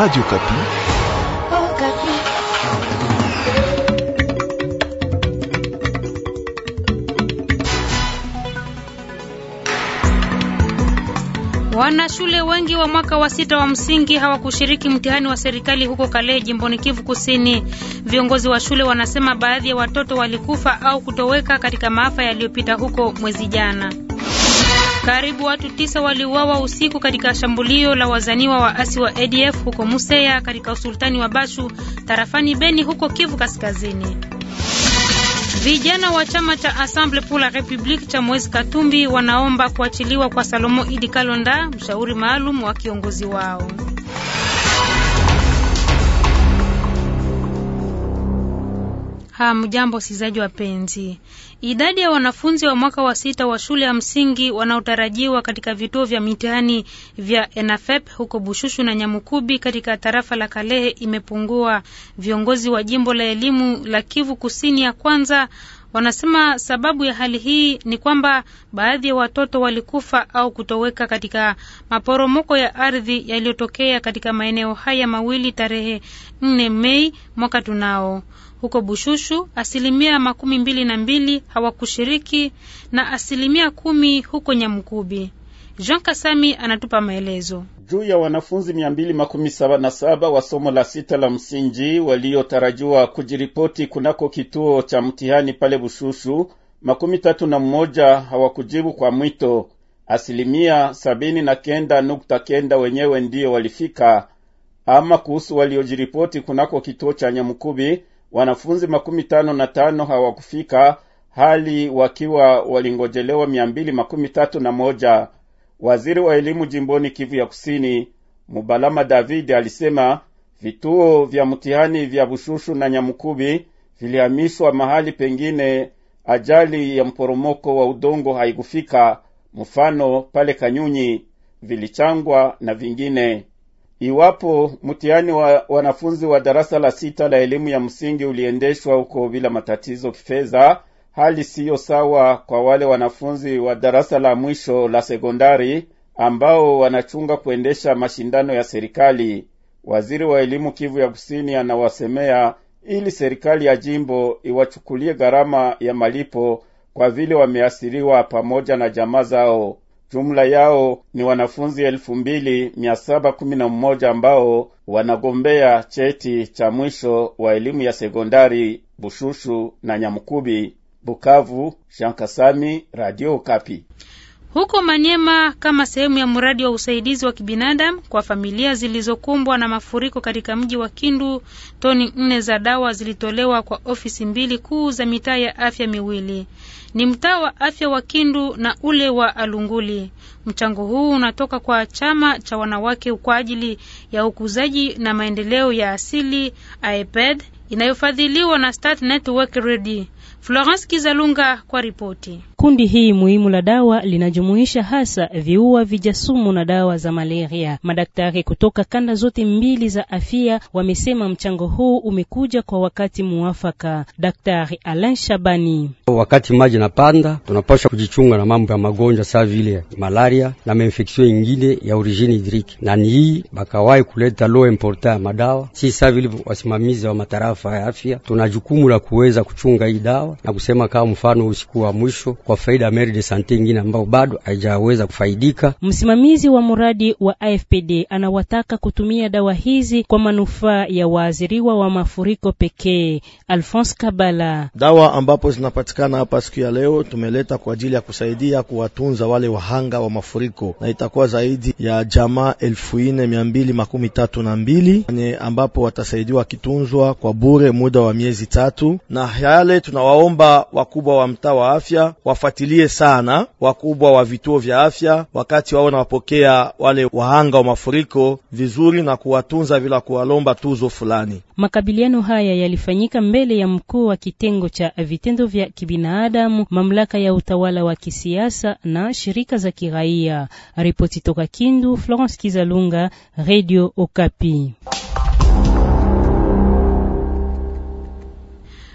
Radio Kapi. Oh, Kapi. Wanashule wengi wa mwaka wa sita wa msingi hawakushiriki mtihani wa serikali huko Kalehe jimboni Kivu Kusini. Viongozi wa shule wanasema baadhi ya watoto walikufa au kutoweka katika maafa yaliyopita huko mwezi jana. Karibu watu tisa waliuawa usiku katika shambulio la wazaniwa waasi wa ADF huko Museya katika usultani wa Bashu tarafani Beni huko Kivu Kaskazini. Vijana wa chama cha Assemble pour la République cha Moise Katumbi wanaomba kuachiliwa kwa Salomo Idi Kalonda, mshauri maalum wa kiongozi wao. Hamjambo sizaji wapenzi. Idadi ya wanafunzi wa mwaka wa sita wa shule ya msingi wanaotarajiwa katika vituo vya mitihani vya ENAFEP huko Bushushu na Nyamukubi katika tarafa la Kalehe imepungua. Viongozi wa jimbo la elimu la Kivu Kusini ya kwanza Wanasema sababu ya hali hii ni kwamba baadhi ya watoto walikufa au kutoweka katika maporomoko ya ardhi yaliyotokea katika maeneo haya mawili tarehe 4 Mei mwaka tunao. Huko Bushushu asilimia makumi mbili na mbili hawakushiriki na asilimia kumi huko Nyamukubi. Jean Kasami anatupa maelezo juu ya wanafunzi mia mbili makumi saba na saba wa somo la sita la msingi waliotarajiwa kujiripoti kunako kituo cha mtihani pale Bushushu. Makumi tatu na mmoja hawakujibu kwa mwito, asilimia sabini na kenda nukta kenda wenyewe ndiyo walifika. Ama kuhusu waliojiripoti kunako kituo cha Nyamukubi, wanafunzi makumi tano na tano hawakufika, hali wakiwa walingojelewa mia mbili makumi tatu na moja. Waziri wa elimu jimboni Kivu ya Kusini, Mubalama David, alisema vituo vya mtihani vya Bushushu na Nyamukubi vilihamishwa mahali pengine, ajali ya mporomoko wa udongo haikufika, mfano pale Kanyunyi, vilichangwa na vingine. Iwapo mtihani wa wanafunzi wa darasa la sita la elimu ya msingi uliendeshwa huko bila matatizo kifedha hali siyo sawa kwa wale wanafunzi wa darasa la mwisho la sekondari ambao wanachunga kuendesha mashindano ya serikali. Waziri wa elimu Kivu ya Kusini anawasemea ili serikali ya jimbo iwachukulie gharama ya malipo kwa vile wameasiriwa pamoja na jamaa zao. Jumla yao ni wanafunzi elfu mbili mia saba kumi na mmoja ambao wanagombea cheti cha mwisho wa elimu ya sekondari Bushushu na Nyamukubi. Bukavu, Jean Kasami, Radio Kapi. Huko Manyema, kama sehemu ya mradi wa usaidizi wa kibinadamu kwa familia zilizokumbwa na mafuriko katika mji wa Kindu, toni nne za dawa zilitolewa kwa ofisi mbili kuu za mitaa ya afya miwili, ni mtaa wa afya wa Kindu na ule wa Alunguli. Mchango huu unatoka kwa chama cha wanawake kwa ajili ya ukuzaji na maendeleo ya asili, AEPED, inayofadhiliwa na Start Network Ready. Florence Kizalunga kwa ripoti. Kundi hii muhimu la dawa linajumuisha hasa viua vijasumu na dawa za malaria. Madaktari kutoka kanda zote mbili za afya wamesema mchango huu umekuja kwa wakati muafaka. Daktari Alain Shabani: wakati maji napanda, tunapaswa kujichunga na mambo ya magonjwa saa vile malaria na mainfeksio ingine ya origine hidrike, na ni hii bakawai kuleta low importa ya madawa. Si saa vile wasimamizi wa matarafa ya afya tuna jukumu la kuweza kuchunga hii dawa na kusema kama mfano usiku wa mwisho kwa faida ya meri de sante ingine ambao bado haijaweza kufaidika. Msimamizi wa mradi wa AFPD anawataka kutumia dawa hizi kwa manufaa ya waathiriwa wa mafuriko pekee. Alphonse Kabala, dawa ambapo zinapatikana hapa siku ya leo tumeleta kwa ajili ya kusaidia kuwatunza wale wahanga wa mafuriko, na itakuwa zaidi ya jamaa elfu nne mia mbili makumi tatu na mbili ambapo watasaidiwa wakitunzwa kwa bure muda wa miezi tatu, na yale tunawaomba wakubwa wa mtaa wa afya wa wafuatilie sana wakubwa wa vituo vya afya, wakati wao wanapokea wale wahanga wa mafuriko vizuri na kuwatunza bila kuwalomba tuzo fulani. Makabiliano haya yalifanyika mbele ya mkuu wa kitengo cha vitendo vya kibinadamu, mamlaka ya utawala wa kisiasa na shirika za kiraia. Ripoti toka Kindu, Florence Kizalunga, Radio Okapi.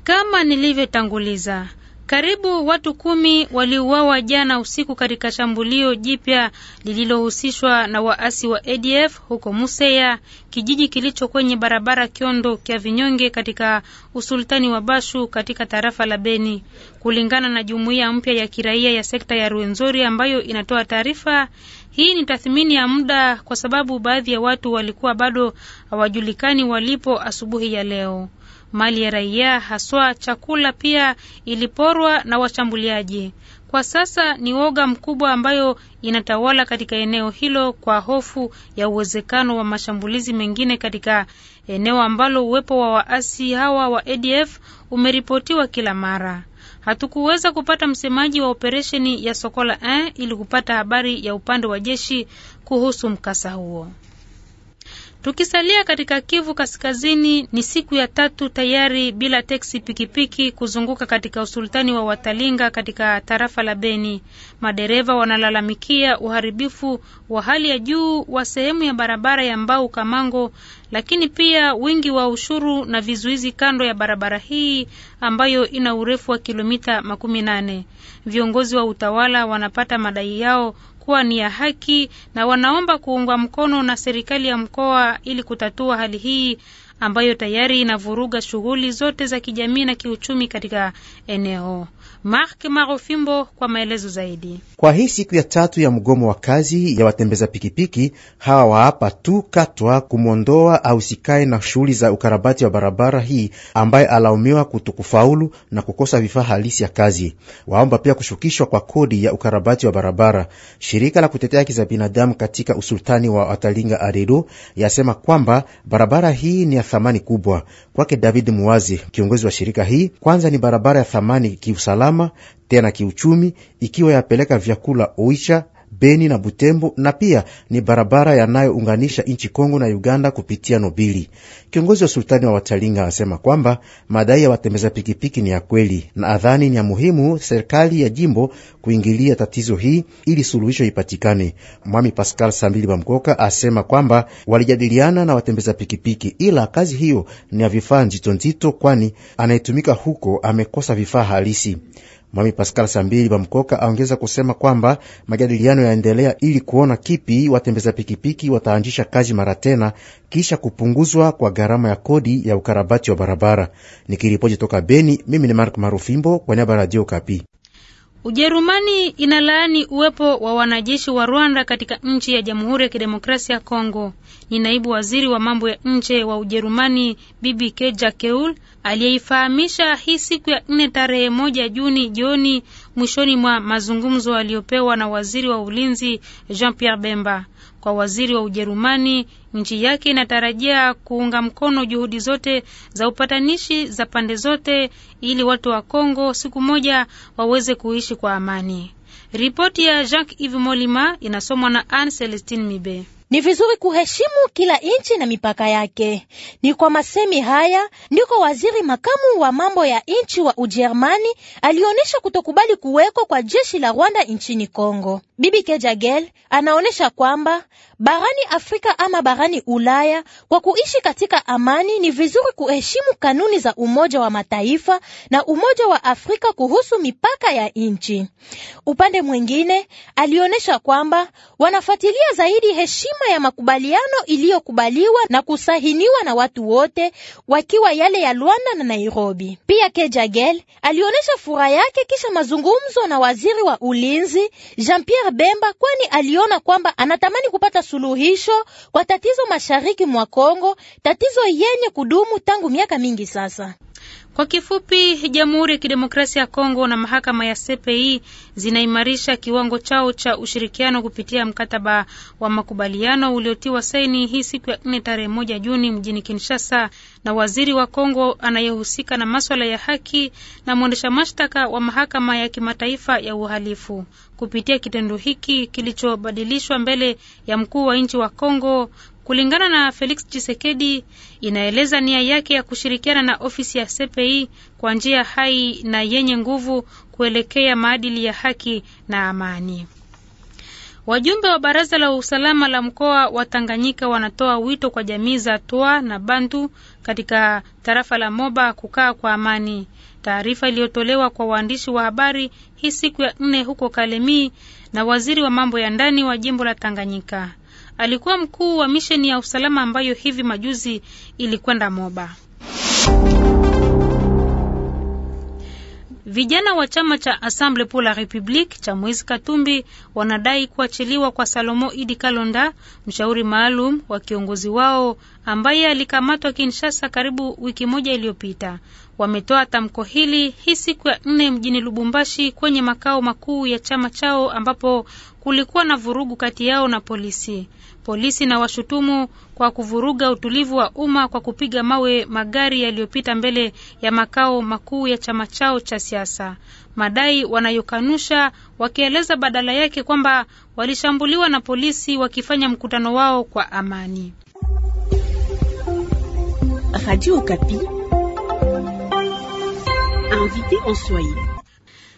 Kama nilivyotanguliza karibu watu kumi waliuawa jana usiku katika shambulio jipya lililohusishwa na waasi wa ADF huko Museya, kijiji kilicho kwenye barabara Kiondo kya Vinyonge katika usultani wa Bashu katika tarafa la Beni, kulingana na jumuiya mpya ya kiraia ya sekta ya Ruenzori ambayo inatoa taarifa hii. Ni tathmini ya muda kwa sababu baadhi ya watu walikuwa bado hawajulikani walipo asubuhi ya leo mali ya raia, haswa chakula, pia iliporwa na washambuliaji. Kwa sasa ni woga mkubwa ambayo inatawala katika eneo hilo kwa hofu ya uwezekano wa mashambulizi mengine katika eneo ambalo uwepo wa waasi hawa wa ADF umeripotiwa kila mara. Hatukuweza kupata msemaji wa operesheni ya Sokola 1 ili kupata habari ya upande wa jeshi kuhusu mkasa huo. Tukisalia katika Kivu Kaskazini, ni siku ya tatu tayari bila teksi pikipiki kuzunguka katika usultani wa Watalinga katika tarafa la Beni. Madereva wanalalamikia uharibifu wa hali ya juu wa sehemu ya barabara ya Mbau Kamango, lakini pia wingi wa ushuru na vizuizi kando ya barabara hii ambayo ina urefu wa kilomita makumi nane. Viongozi wa utawala wanapata madai yao kuwa ni ya haki na wanaomba kuungwa mkono na serikali ya mkoa ili kutatua hali hii ambayo tayari inavuruga shughuli zote za kijamii na kiuchumi katika eneo. Mark Marofimbo kwa maelezo zaidi. Kwa hii siku ya tatu ya mgomo wa kazi ya watembeza pikipiki hawa waapa tu katwa kumwondoa au sikae na shughuli za ukarabati wa barabara hii, ambaye alaumiwa kutokufaulu na kukosa vifaa halisi ya kazi. Waomba pia kushukishwa kwa kodi ya ukarabati wa barabara. Shirika la kutetea haki za binadamu katika usultani wa Watalinga Aredo yasema kwamba barabara hii ni ya thamani kubwa kwake. David Muwazi, kiongozi wa shirika hii, kwanza ni barabara ya thamani kiusalama usalama, tena kiuchumi, ikiwa yapeleka vyakula Oisha Beni na Butembo, na pia ni barabara yanayounganisha nchi Kongo na Uganda kupitia Nobili. Kiongozi wa sultani wa Watalinga anasema kwamba madai ya watembeza pikipiki ni ya kweli, na adhani ni ya muhimu serikali ya jimbo kuingilia tatizo hii ili suluhisho ipatikane. Mwami Pascal Sambili Bamkoka asema kwamba walijadiliana na watembeza pikipiki, ila kazi hiyo ni ya vifaa nzito nzito, kwani anayetumika huko amekosa vifaa halisi. Mwami Pascal Sambili Bamkoka aongeza kusema kwamba majadiliano yaendelea ili kuona kipi watembeza pikipiki wataanzisha kazi mara tena kisha kupunguzwa kwa gharama ya kodi ya ukarabati wa barabara. Nikiripoti toka Beni, mimi ni Mark Marufimbo kwa niaba ya Radio Kapi. Ujerumani inalaani uwepo wa wanajeshi wa Rwanda katika nchi ya Jamhuri ya Kidemokrasia ya Kongo. Ni naibu waziri wa mambo ya nje wa Ujerumani Bibi Keja Keul aliyeifahamisha hii siku ya nne tarehe moja Juni jioni mwishoni mwa mazungumzo aliyopewa na waziri wa ulinzi Jean Pierre Bemba. Kwa waziri wa Ujerumani, nchi yake inatarajia kuunga mkono juhudi zote za upatanishi za pande zote ili watu wa Kongo siku moja waweze kuishi kwa amani. Ripoti ya Jacques Yves Molima inasomwa na Anne Celestine Mibe. Ni vizuri kuheshimu kila nchi na mipaka yake. Ni kwa masemi haya ndiko waziri makamu wa mambo ya nchi wa Ujerumani alionyesha kutokubali kuwekwa kwa jeshi la Rwanda nchini Kongo. Bibi Kejagel anaonyesha kwamba barani Afrika ama barani Ulaya. Kwa kuishi katika amani, ni vizuri kuheshimu kanuni za Umoja wa Mataifa na Umoja wa Afrika kuhusu mipaka ya nchi. Upande mwingine, alionyesha kwamba wanafuatilia zaidi heshima ya makubaliano iliyokubaliwa na kusahiniwa na watu wote, wakiwa yale ya Luanda na Nairobi. Pia Kejagel alionyesha furaha yake kisha mazungumzo na waziri wa ulinzi Jean Pierre Bemba, kwani aliona kwamba anatamani kupata suluhisho kwa tatizo mashariki mwa Kongo, tatizo yenye kudumu tangu miaka mingi sasa. Kwa kifupi, Jamhuri ya Kidemokrasia ya Kongo na mahakama ya CPI zinaimarisha kiwango chao cha ushirikiano kupitia mkataba wa makubaliano uliotiwa saini hii siku ya nne tarehe moja Juni mjini Kinshasa na waziri wa Kongo anayehusika na maswala ya haki na mwendesha mashtaka wa mahakama ya kimataifa ya uhalifu. Kupitia kitendo hiki kilichobadilishwa mbele ya mkuu wa nchi wa Kongo, Kulingana na Felix chisekedi inaeleza nia yake ya kushirikiana na ofisi ya CPI kwa njia hai na yenye nguvu kuelekea maadili ya haki na amani. Wajumbe wa baraza la usalama la mkoa wa Tanganyika wanatoa wito kwa jamii za toa na Bantu katika tarafa la Moba kukaa kwa amani. Taarifa iliyotolewa kwa waandishi wa habari hii siku ya nne huko Kalemie na waziri wa mambo ya ndani wa jimbo la Tanganyika alikuwa mkuu wa misheni ya usalama ambayo hivi majuzi ilikwenda Moba. Vijana wa chama cha Assemble pour la Republique cha Moise Katumbi wanadai kuachiliwa kwa Salomo Idi Kalonda, mshauri maalum wa kiongozi wao ambaye alikamatwa Kinshasa karibu wiki moja iliyopita wametoa tamko hili hii siku ya nne mjini Lubumbashi kwenye makao makuu ya chama chao ambapo kulikuwa na vurugu kati yao na polisi. Polisi na washutumu kwa kuvuruga utulivu wa umma kwa kupiga mawe magari yaliyopita mbele ya makao makuu ya chama chao cha siasa, madai wanayokanusha wakieleza badala yake kwamba walishambuliwa na polisi wakifanya mkutano wao kwa amani. Radio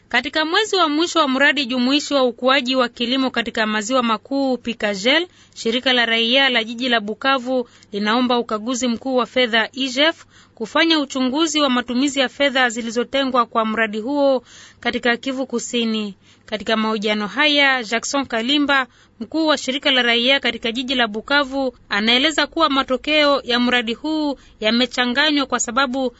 katika mwezi wa mwisho wa mradi jumuishi wa ukuaji wa kilimo katika maziwa makuu Pikajel, shirika la raia la jiji la Bukavu linaomba ukaguzi mkuu wa fedha IGF kufanya uchunguzi wa matumizi ya fedha zilizotengwa kwa mradi huo katika Kivu Kusini. Katika mahojiano haya, Jackson Kalimba, mkuu wa shirika la raia katika jiji la Bukavu, anaeleza kuwa matokeo ya mradi huu yamechanganywa kwa sababu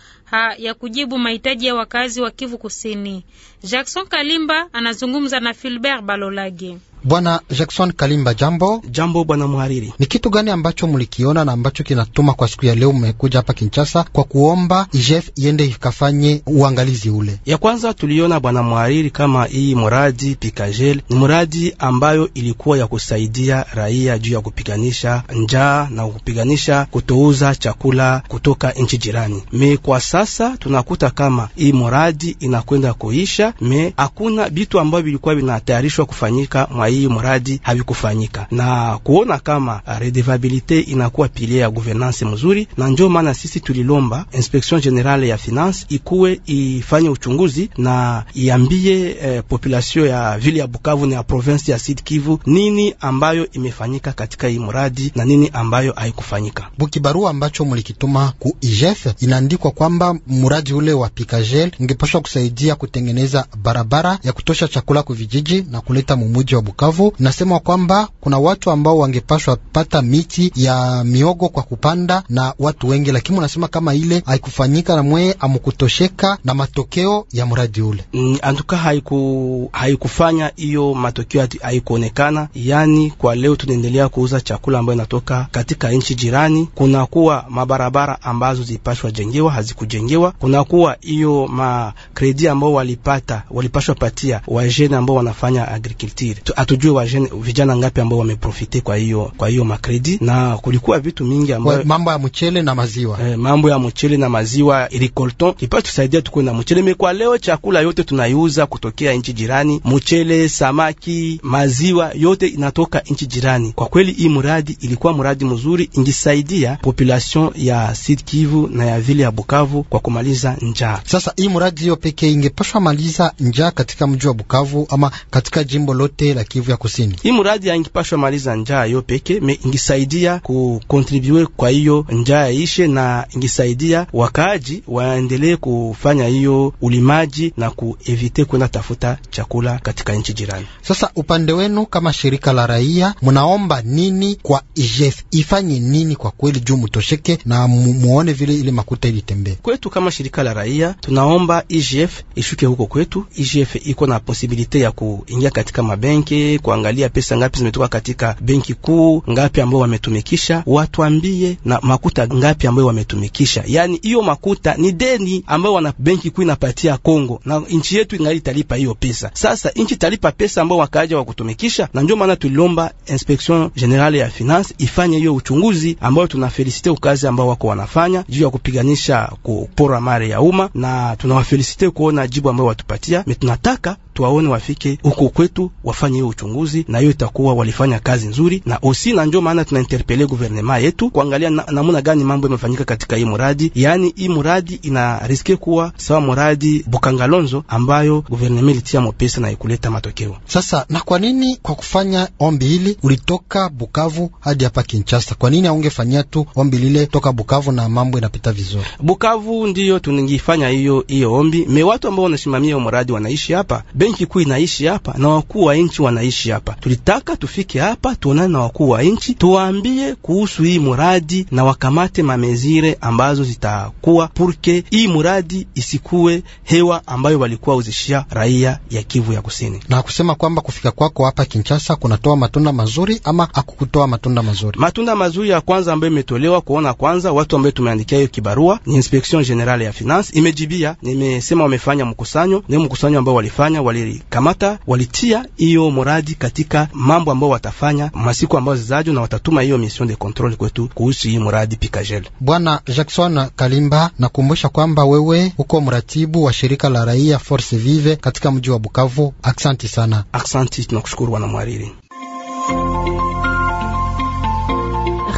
ya kujibu mahitaji ya wakazi wa Kivu Kusini. Jackson Kalimba anazungumza na Filbert Balolage. Bwana Jackson Kalimba, jambo. Jambo bwana mhariri, ni kitu gani ambacho mlikiona na ambacho kinatuma kwa siku ya leo mmekuja hapa Kinshasa kwa kuomba IGF iende ikafanye uangalizi ule? Ya kwanza tuliona bwana mhariri, kama hii muradi Pikajel ni muradi ambayo ilikuwa ya kusaidia raia juu ya kupiganisha njaa na kupiganisha kutouza chakula kutoka nchi jirani. Me kwa sasa tunakuta kama hii muradi inakwenda kuisha, me hakuna vitu ambavyo vilikuwa vinatayarishwa kufanyika mwa hii mradi havikufanyika, na kuona kama uh, redevabilite inakuwa pilie ya governance mzuri, na njo maana sisi tulilomba inspection generale ya finance ikuwe ifanye uchunguzi na iambie eh, population ya ville ya Bukavu na ya province ya Sud Kivu nini ambayo imefanyika katika hii mradi na nini ambayo haikufanyika. Bukibarua ambacho mulikituma ku IGF inaandikwa kwamba mradi ule wa Pikajel ungepashwa kusaidia kutengeneza barabara ya kutosha chakula kwa vijiji na kuleta mumuji wa Bukavu. Bukavu nasema kwamba kuna watu ambao wangepashwa pata miti ya miogo kwa kupanda na watu wengi, lakini unasema kama ile haikufanyika na mweye amukutosheka na matokeo ya mradi ule mm, antuka haiku haikufanya hiyo matokeo haikuonekana. Yani kwa leo tunaendelea kuuza chakula ambayo inatoka katika nchi jirani. Kunakuwa mabarabara ambazo zipashwa jengewa hazikujengewa, kunakuwa hiyo makredi ambao walipata walipashwa patia wajene ambao wanafanya agriculture hatujue wa vijana ngapi ambao wameprofite kwa hiyo kwa hiyo makredi, na kulikuwa vitu mingi ambayo mambo ya mchele na maziwa eh, mambo ya mchele na maziwa ilikolton ipasha tusaidia tukue na mchele mekwa. Leo chakula yote tunaiuza kutokea nchi jirani, mchele, samaki, maziwa yote inatoka nchi jirani. Kwa kweli hii muradi ilikuwa muradi mzuri, ingisaidia population ya Sud Kivu na ya vile ya Bukavu kwa kumaliza njaa. Sasa hii muradi hiyo pekee ingepashwa maliza njaa katika mji wa Bukavu ama katika jimbo lote la Kivu ya Kusini. Hii muradi haingipashwa maliza njaa yo peke me, ingisaidia kukontribue kwa hiyo njaa ishe, na ingisaidia wakaaji waendelee kufanya hiyo ulimaji na kuevite kwenda tafuta chakula katika nchi jirani. Sasa upande wenu kama shirika la raia, mnaomba nini kwa IGF ifanye nini kwa kweli juu mutosheke na muone vile ile makuta ilitembee? Kwetu kama shirika la raia tunaomba IGF ishuke huko kwetu. IGF iko na posibilite ya kuingia katika mabenki kuangalia pesa ngapi zimetoka katika benki kuu, ngapi ambayo wametumikisha, watuambie na makuta ngapi ambayo wametumikisha. Yani hiyo makuta ni deni ambayo wana benki kuu inapatia Kongo, na nchi yetu ingali italipa hiyo pesa. Sasa nchi italipa pesa ambayo wakaaja wa kutumikisha, na ndio maana tulilomba Inspection Generale ya Finance ifanye hiyo uchunguzi ambayo tunafelisite ukazi ambao wako wanafanya juu ya kupiganisha kupora mali ya umma, na tunawafelisite kuona jibu ambayo watupatia tunataka tuwaone wafike huko kwetu wafanye hiyo uchunguzi, na hiyo itakuwa walifanya kazi nzuri, na osi na ndio maana tunainterpele guvernema yetu kuangalia namna na gani mambo yamefanyika katika hii muradi. Yani hii muradi ina riske kuwa sawa muradi Bukangalonzo ambayo guvernema ilitia mopesa na ikuleta matokeo. Sasa na kwa nini kwa kufanya ombi hili ulitoka Bukavu hadi hapa Kinshasa? Kwa nini aungefanyia tu ombi lile toka Bukavu na mambo inapita vizuri? Bukavu ndiyo tuningifanya hiyo hiyo ombi me watu ambao wanasimamia muradi wanaishi hapa ben benki kuu inaishi hapa na wakuu wa nchi wanaishi hapa. Tulitaka tufike hapa tuonane na wakuu wa nchi, tuwaambie kuhusu hii muradi na wakamate mamezire ambazo zitakuwa purke hii muradi isikuwe hewa ambayo walikuwa uzishia raia ya Kivu ya Kusini. Na kusema kwamba kufika kwako hapa Kinshasa kunatoa matunda mazuri ama akukutoa matunda mazuri? Matunda mazuri ya kwanza ambayo imetolewa kuona kwanza watu ambao tumeandikia hiyo kibarua ni Inspection Generale ya Finance imejibia, nimesema wamefanya mkusanyo, ni mkusanyo ambao walifanya walikamata walitia hiyo muradi katika mambo ambayo watafanya masiku ambayo zijazo, na watatuma hiyo mission de controle kwetu kuhusu hii muradi Pikajel. Bwana Jackson Kalimba, nakumbusha kwamba wewe uko mratibu wa shirika la raia Force Vive katika mji wa Bukavu. Aksanti sana. Aksanti, tunakushukuru bwana mwariri.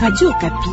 Radio Kapi,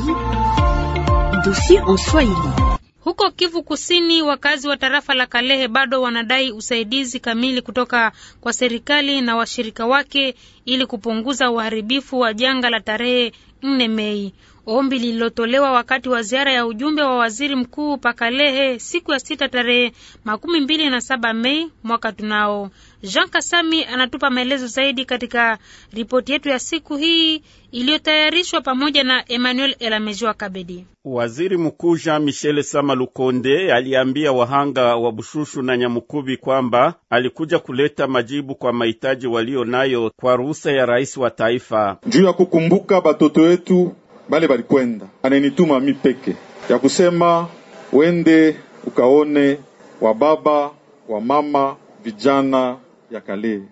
dossier en Swahili. Huko Kivu Kusini, wakazi wa tarafa la Kalehe bado wanadai usaidizi kamili kutoka kwa serikali na washirika wake ili kupunguza uharibifu wa janga la tarehe 4 Mei ombi lililotolewa wakati wa ziara ya ujumbe wa waziri mkuu Pakalehe siku ya sita tarehe makumi mbili na saba Mei mwaka tunao. Jean Kasami anatupa maelezo zaidi katika ripoti yetu ya siku hii iliyotayarishwa pamoja na Emmanuel Elamejiwa Kabedi. Waziri Mkuu Jean Michel Sama Lukonde aliambia wahanga wa Bushushu na Nyamukubi kwamba alikuja kuleta majibu kwa mahitaji walio nayo kwa ruhusa ya rais wa taifa juu ya kukumbuka batoto wetu bale balikwenda, ananituma mi peke ya kusema wende ukaone wa baba wa mama vijana ya kale.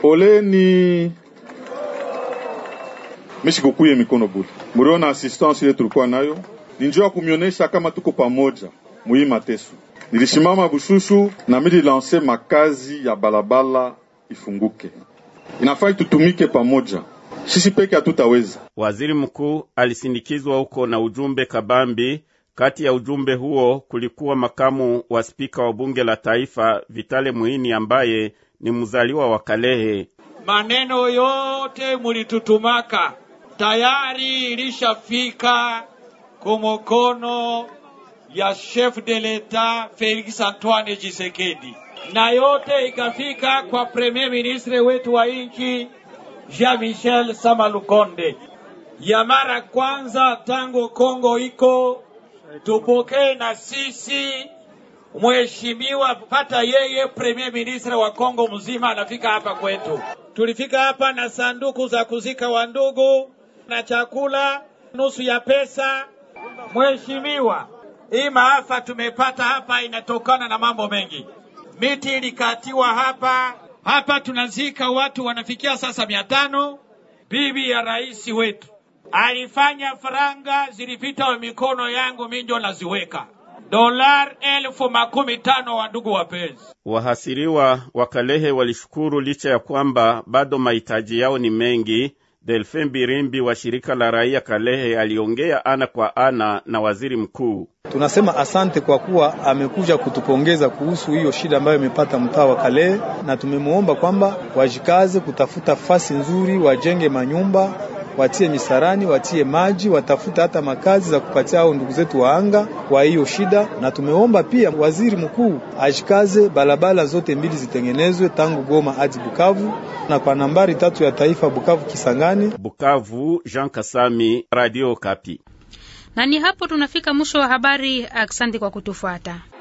Poleni mishikukuye mikono bule. Muriona assistance ile tulikuwa nayo, ninjua kumionesha kama tuko pamoja muyi mateso. Nilishimama Bushushu na mili makazi ya balabala ifunguke, inafai tutumike pamoja sisi peke hatutaweza. Waziri mkuu alisindikizwa huko na ujumbe kabambi. Kati ya ujumbe huo kulikuwa makamu wa spika wa bunge la taifa Vitale Muhini ambaye ni mzaliwa wa Kalehe. Maneno yote mulitutumaka tayari ilishafika kumokono ya chef de l'etat Felix Antoine chisekedi na yote ikafika kwa premier ministre wetu wa nchi Jean Michel Samalukonde. Ya mara kwanza tangu Kongo iko, tupokee na sisi mheshimiwa, pata yeye premier ministre wa Kongo mzima anafika hapa kwetu. Tulifika hapa na sanduku za kuzika wa ndugu na chakula, nusu ya pesa. Mheshimiwa, hii maafa tumepata hapa inatokana na mambo mengi. Miti ilikatiwa hapa hapa tunazika watu wanafikia sasa mia tano. Bibi ya rais wetu alifanya faranga zilipita mikono yangu, minjo naziweka dolar elfu makumi tano. Wandugu wapenzi, wahasiriwa wa Kalehe walishukuru licha ya kwamba bado mahitaji yao ni mengi Delfin Birimbi wa shirika la raia Kalehe aliongea ana kwa ana na waziri mkuu. Tunasema asante kwa kuwa amekuja kutupongeza kuhusu hiyo shida ambayo imepata mtaa wa Kalehe, na tumemwomba kwamba wajikaze kutafuta fasi nzuri, wajenge manyumba watie misarani, watie maji, watafute hata makazi za kupatia hao ndugu zetu wa anga kwa hiyo shida. Na tumeomba pia waziri mkuu ashikaze barabara zote mbili zitengenezwe tangu Goma hadi Bukavu, na kwa nambari tatu ya taifa Bukavu Kisangani. Bukavu, Jean Kasami, Radio Kapi. Na ni hapo tunafika mwisho wa habari. Asante kwa kutufuata.